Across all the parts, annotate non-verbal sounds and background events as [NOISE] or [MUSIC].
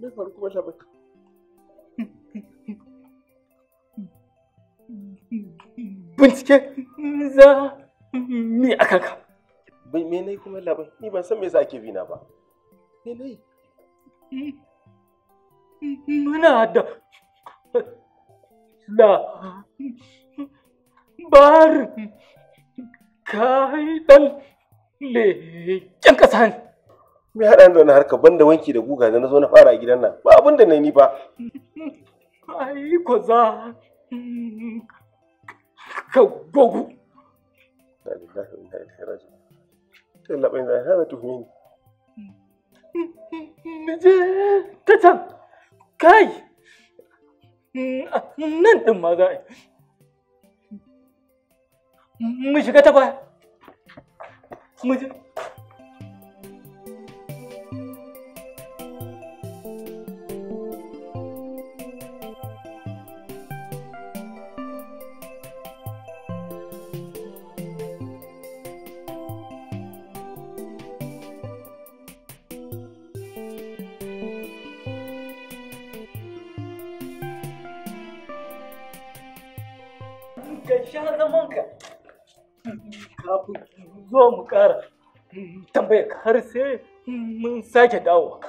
Na faru kuma shabaka. bincike za mi a kanka. Bai me nai kuma labar? ni ban san me za ake bina ba. Me Muna da la bar kai dan ƙasa ne. Me haɗa da wani harka banda wanki da guga da na zo na fara gidan nan ba abin da na ni ba. Ai ko za ka bugu. da lillahi wa inna ilaihi raji'un hana tuhumi je ta can kai nan din ma za a yi mu shiga ta baya mu sha zamanka kafin zo mu ƙara tambayar har sai mun sake dawowa.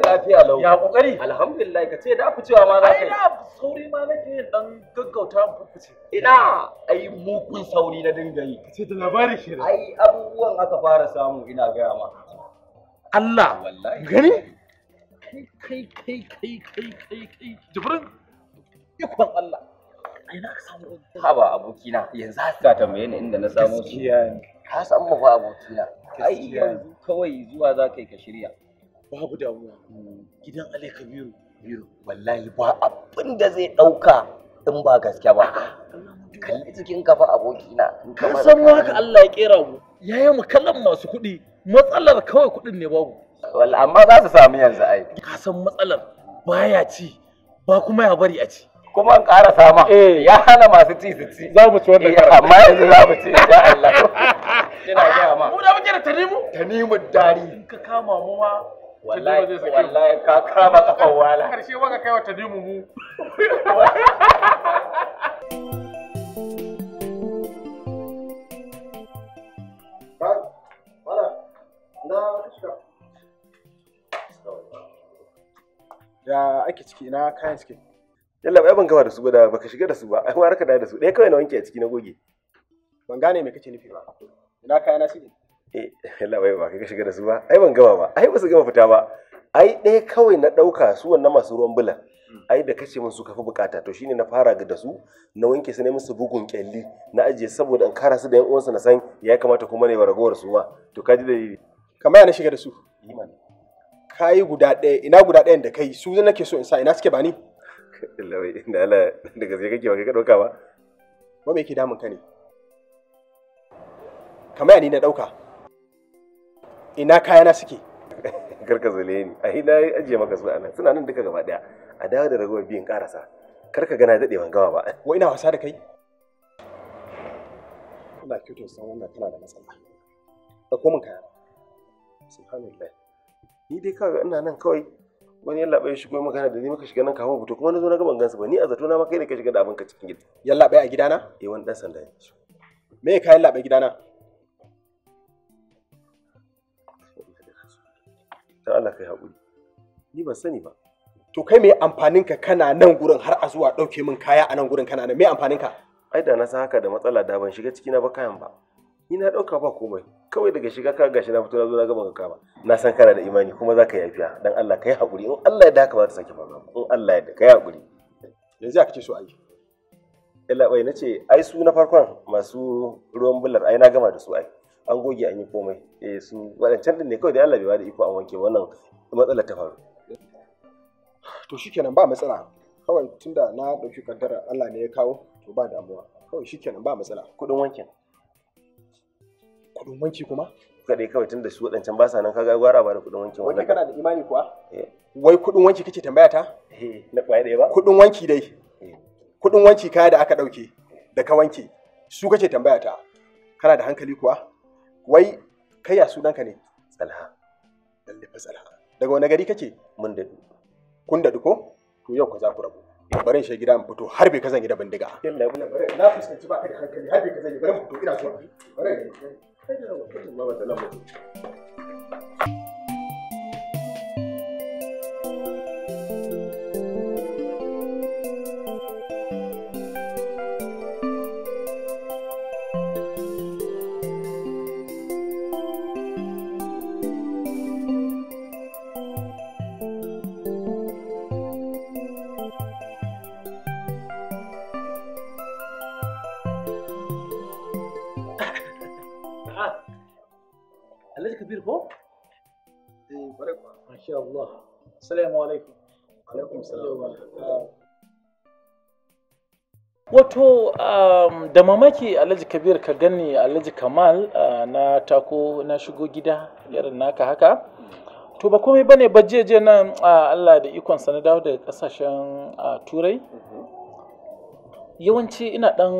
kai lafiya lau ya kokari alhamdulillah ka ce da ku cewa ma za ka yi ina sauri ma nake yin dan gaggauta mu fice ina ai mugun sauri na dinga yi ka ce da labari shi ai abubuwan aka fara samu ina gaya ma Allah wallahi gani kai kai kai kai kai kai jibrin ikon Allah ai na samu haba abokina yanzu haka tambaye ni inda na samu su ka samu ba abokina ai yanzu kawai zuwa za ka yi ka shirya babu damuwa gidan Ali Kabiru biro wallahi ba abin da zai dauka in ba gaske ba kalli cikin kafa abokina ka san haka Allah ya kera mu yayin mu kallon masu kuɗi matsalar kawai kuɗin ne babu wallahi amma za su samu yanzu ai ka san matsalar baya ci ba kuma ya bari a ci kuma an ƙara sama eh. ya hana masu ci su ci za mu ci wannan eh, karan amma yanzu za mu ci insha Allah [LAUGHS] ina ga ma mu da muke da tanimu tanimu dari ka kama mu ma wallahi wallahi ka kama kafan wala karshe waka kai wata dimu mu Ya ake ciki na kayan ciki. Yalla bai ban gama da su ba da baka shiga da su ba. Ai ma raka da su. Ɗaya kawai na wanke a ciki na goge. Ban gane me kake nufi ba. Ina kaya na suke? Allah eh, bai ba kai shiga da su ba ai ban gama ba ai ba su gama fita ba ai ɗaya kawai na ɗauka su wannan masu ruwan bulan hmm. ai da kace musu su kafi bukata to shine na fara da su na wanke su ne musu bugun kyalli na ajiye saboda an kara su da yan uwansu na san ya kamata kuma ne wa ragowar su ma to kaji yi kamar yana shiga da su kai guda ɗaya ina guda ɗayan da kai su nake so in sa ina suke bani lawai [LAUGHS] da ala da gaske kake ba kai ka dauka ba ba me yake damun ka ne kamar ni na dauka ina kayana suke [LAUGHS] karka zule ni a ina ajiye maka su ana suna nan duka gaba daya a dawo da ragowar biyan karasa karka gana daɗe ban gawa ba [LAUGHS] wa ina wasa da kai ina kyoto san wannan tana da matsala da komin kaya subhanallah ni dai kawai ina nan kawai wani yalla bai shigo magana da ni maka shiga nan kawo fito kuma na zo na ga ban gansu ba ni a zato na ma kai ne ka shiga da abin ka cikin gida yalla bai a gidana eh wani dan sanda ne me kayan labai gidana dan Allah kai haƙuri ni ban sani ba to kai me amfanin ka kana nan gurin har a zuwa ɗauke min kaya a nan gurin kana nan me amfanin ka ai da na san haka da matsala da ban shiga ciki na ba kayan ba ni na ɗauka ba komai kawai daga shiga ka gashi na fito na zo na gaba ka ba na san kana da imani kuma za ka yafiya dan Allah kai haƙuri in Allah ya da haka ba ta sake faruwa in Allah ya da kai haƙuri yanzu ya ce so ai illa bai nace ai su na farkon masu ruwan bular ai na gama da su ai an goge an yi komai eh su wadancan din ne kawai da Allah bai bada iko an wanke wannan matsalar ta faru to shikenan ba matsala kawai tunda na dauki kaddara Allah ne ya kawo to ba damuwa kawai shikenan ba matsala kudin wankin kudin wanki kuma kadai kawai tunda su wadancan ba sa nan kaga gwara ba da kudin wankin wannan kana da imani kuwa eh. wai kudin wanki kake tambaya ta eh na kwaye da ba kudin wanki dai eh. kudin wanki kaya da aka dauke da ka wanke su kake tambaya ta kana da hankali kuwa wai kai ya sunanka ne tsalha lalle fa tsalha daga wani gari kake mun da kun da duko to yau ka za ku rabu barin shi gida in fito har bai kazan gida bindiga yalla bula bare na fuskanci ba ka da hankali har bai kazan gida bare mu fito ina so bare kai da wannan ba da lamu Kabir ko? Eh, da mamaki Alhaji Kabir ka gani Alhaji Kamal uh, na tako na shigo gida irin naka haka. To ba komai bane ba je nan uh, Allah da ikon sa na dawo daga kasashen uh, Turai. Yawanci ina dan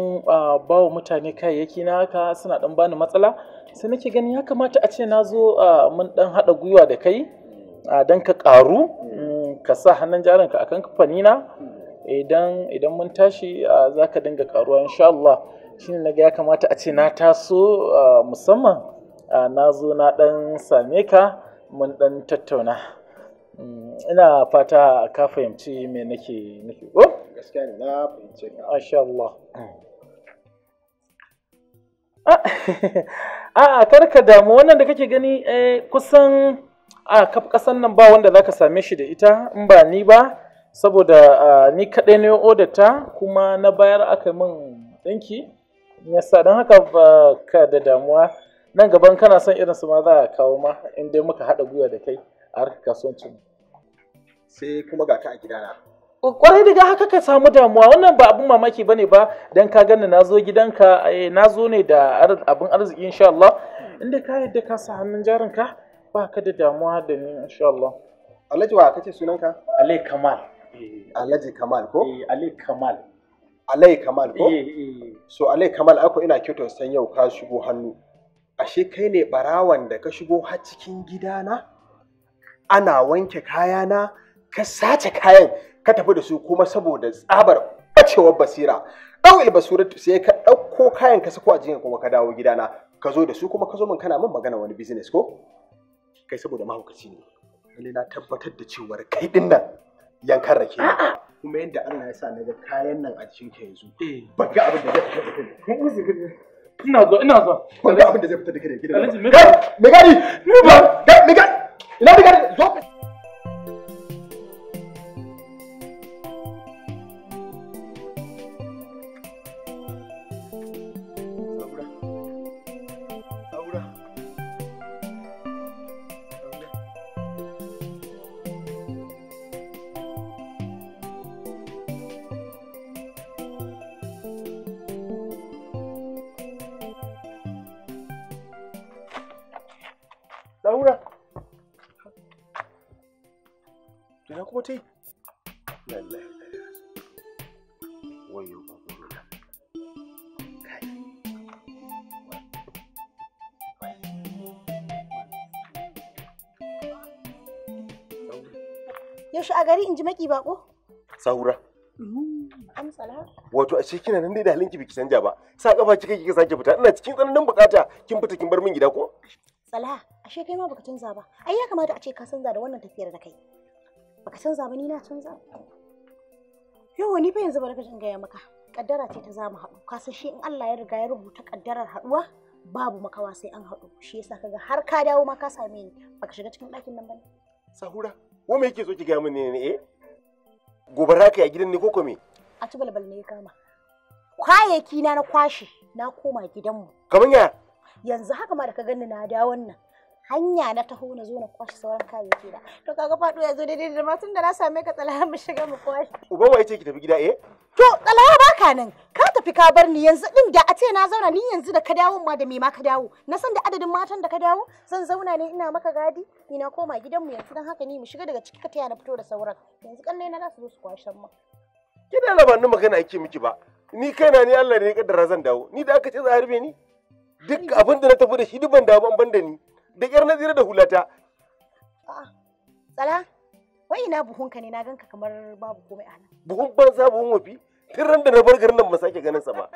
bawa mutane kayayyaki na haka suna dan bani matsala. sai nake gani ya kamata a ce na zo mun dan haɗa gwiwa da kai don ka ƙaru mm, ka sa hannun ka akan kamfanina idan idan mun tashi za ka dinga ƙaruwa insha Allah shi na ga ya kamata a ce na taso musamman na zo na dan same ka mun dan tattauna mm, ina fata ka fahimci me nake nake ko gaskiya ne na fahimci ka Allah mm. ah, [LAUGHS] a'a ka damu wannan da kake gani eh, kusan a kaf kasan nan ba wanda zaka same shi da ita in ba ni ba saboda ni kaɗai ne odata ta kuma na bayar aka min ɗinki yasa dan haka ba ka da damuwa nan gaban kana son irin su ma za a kawo ma in dai muka haɗa gwiwa da kai a harkar kasuwancin sai kuma ga ka a gidana kwarai daga haka ka samu damuwa wannan ba abin mamaki bane ba dan ka gani na zo gidanka eh, na zo ne da abin arziki insha Allah inda ka yadda ka sa hannun jarinka ba ka da damuwa da ni insha Allah Alhaji wa kace sunanka Alai Kamal eh. Alhaji Kamal ko eh Alai Kamal Alai Kamal ko eh, so Alai Kamal ako ina kyoto san yau ka shigo hannu ashe kai ne barawan da ka shigo har cikin gidana ana wanke kayana ka sace kayan ka tafi da su kuma saboda tsabar bacewar basira ɗau'il basuratu sai ka ɗauko kayan ka sako a jikin kuma ka dawo gidana ka zo da su kuma ka zo min kana min magana wani business ko kai saboda mahaukaci ne wani na tabbatar da cewar kai din nan yankan rake ne kuma yadda Allah ya sa na ga kayan nan a cikin ka yanzu eh. Ban ga abin da zai fita da kai ina zo ina zo Ban ga abin da zai fita da kai gidan me gari me gari ina da gari zo ka ɗaura ina kuma ta yi lallai wayo kwakwalwa yaushe a gari in ji maki bako saura mm, wato a ce kina nan dai da halinki biki canja ba sa kafa kika kika sake fita ina cikin tsananin bukata kin fita kin bar min gida ko tsala ashe kai ma baka canza ba ai ya kamata a ce ka canza da wannan tafiyar da kai baka canza ba ni na canza yawa ni fa yanzu ba rikacin gaya maka kaddara ce ta zamu haɗu ka san shi in Allah ya riga ya rubuta kaddarar haɗuwa babu makawa sai an haɗu shi yasa kaga har ka dawo ma ka same ni baka shiga cikin ɗakin nan bane sahura wa me yake so ki ga mini ne eh gobara kai a gidan ne ko me a ci balbal ne ya kama kayayyaki na na kwashe na koma gidanmu kamar ya yanzu haka ma da ka ganni na da wannan hanya na taho na zo na kwashe sauran kayayyaki da to kaga fado ya zo daidai da matun da na same ka tsalaha mu shiga mu kwashe uba wai ce ki tafi gida eh to tsalaha baka nan ka tafi ka bar ni yanzu din da a ce na zauna ni yanzu da ka dawo ma da me ma ka dawo na san da adadin matan da ka dawo zan zauna ne ina maka gadi ni na koma gidanmu yanzu dan haka ni mu shiga daga ciki ka taya na fito da sauran yanzu kallai na za su zo su kwashe ma ki da labarin magana ake miki ba ni kaina ni Allah ne ya kaddara zan dawo ni da aka ce za a harbe ni duk abin da na tafi da shi duk ban dawo ban da ni da ƙyar na zira da hulata. Ah, tsala, wai ina buhunka ne na ganka kamar babu komai a nan. Buhun banza buhun wafi, tun ran da na bar garin nan ba sake ganin sa ba.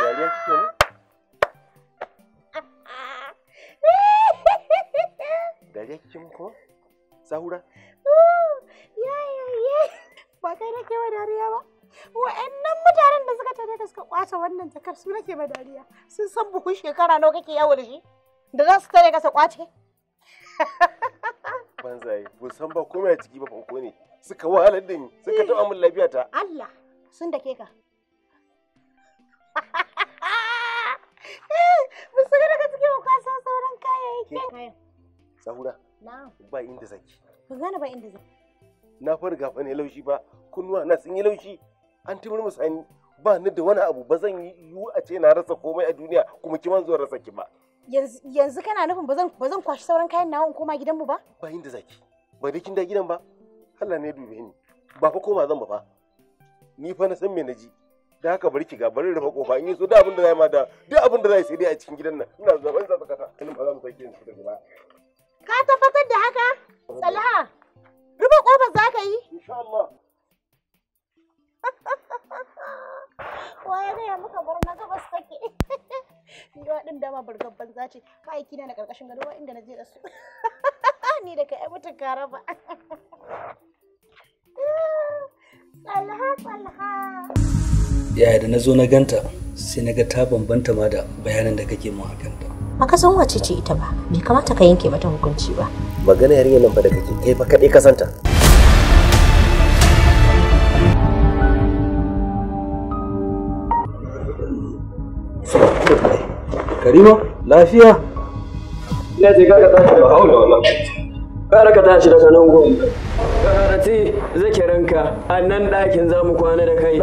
Dariya kike ne? Dariya kike mu ko? Sahura? Ya ya ya, ba kai nake wa dariya ba. wa'annan mutanen da suka tare da suka kwace wannan jakar su nake ba dariya sun san buhun shekara nawa kake yawo da shi da za su tare ka sa kwace [LAUGHS] banzai ban san ba komai a ciki ba fanko ne suka wahalar da ni suka taɓa min lafiya ta Allah sun dake ka [LAUGHS] ba su daga cikin kwasa sauran kayayyakin sahura ba inda zaki ba gane ba inda zaki na farga fa ne laushi ba kunnuwa na sun yi laushi an musu an ba ni da wani abu ba zan yi a ce na rasa komai a duniya kuma ki man zo rasa ki ba yanzu kana nufin ba zan kwashi sauran kayan nawa in koma gidanmu ba ba inda zaki ba dai kin da gidan ba Allah ne dube ni ba fa koma zan ba fa ni fa na san me na ji da haka bari ki ga bari rufe kofa in yi so da abin da zai ma da duk abin da zai sai dai a cikin gidan nan ina ban sa sakata ina ba za mu sauke su daga ba ka tabbatar da haka salaha rufe kofar zaka yi insha Allah waye gaya maka barna gabas take [LAUGHS] ni ga dama banza ce na na gado wa inda na je da su [LAUGHS] ni da ka ƴa mutu ka raba tsalha [LAUGHS] tsalha yaya da na zo na ganta sai na ga ta bambanta ma da bayanan da kake a kanta. Ba ka san wace ce ita ba bai kamata ka yanke mata hukunci ba magana yarinya nan ba da kake kai fa kadai ka santa Karima, lafiya? Ina ce kaka tashi ba haula wannan. Kara ka tashi daga nan gwam. Karati zikirinka a nan ɗakin za mu kwana da kai.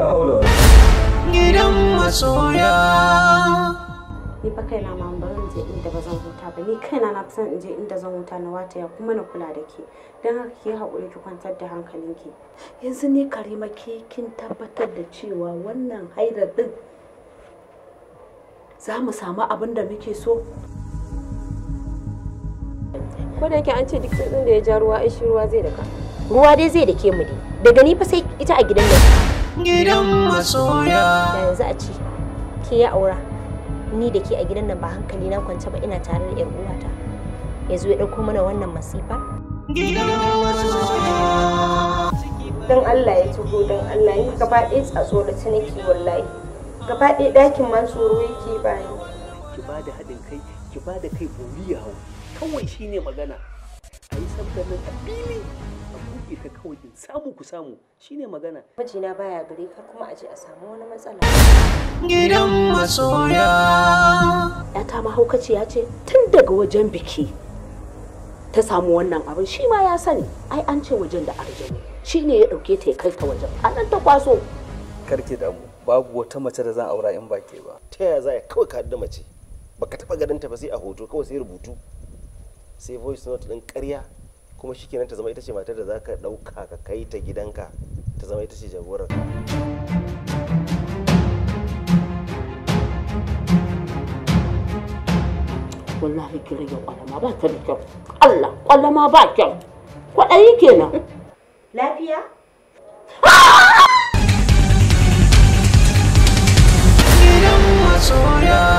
Gidan masoya. Ni fa kaina ma ba zan je inda ba zan huta ba. Ni kaina na san in je inda zan huta na wata ya kuma na kula da ke. Don haka ke haƙuri ki kwantar da hankalinki. Yanzu ne Karima ke kin tabbatar da cewa wannan haidar ɗin za mu samu abin da muke so ko da yake an ce duk da ya ja ruwa ai shi ruwa zai daka ruwa dai zai dake mu Da daga ni fa sai ita a gidan nan gidan masoya yanzu a ce ke ya aura ni da ke a gidan nan ba hankali na kwance ba ina tare da yar uwata ya ya dauko mana wannan masifa gidan masoya dan Allah ya tugo dan Allah ni gaba ɗaya tsatso da ta nake wallahi gaba ɗaya ɗakin man tsoro yake bani ki ba da haɗin kai ki ba da kai bori ya hau kawai shine magana a yi sabgar nan a fili a buɗe ta kawai in samu ku samu shine magana mijina baya gare kar kuma a je a samu wani matsala gidan masoya yata mahaukaciya ce tun daga wajen biki ta samu wannan abin shi ma ya sani ai an ce wajen da arziki shi ne ya ɗauke ta ya kai ta wajen a nan ta kwaso karki damu babu wata mace da zan aura in ba ke ba ta yaya za ya kawai ka da mace baka taba ganin ta ba sai a hoto kawai sai rubutu sai voice note din ƙarya kuma shikenan ta zama ita ce matar da zaka dauka ka kai ta gidanka ta zama ita ce jagorar wallahi ki rage kwalama ba ta da kyau Allah kwalama ba kyau kwaɗayi kenan lafiya Surya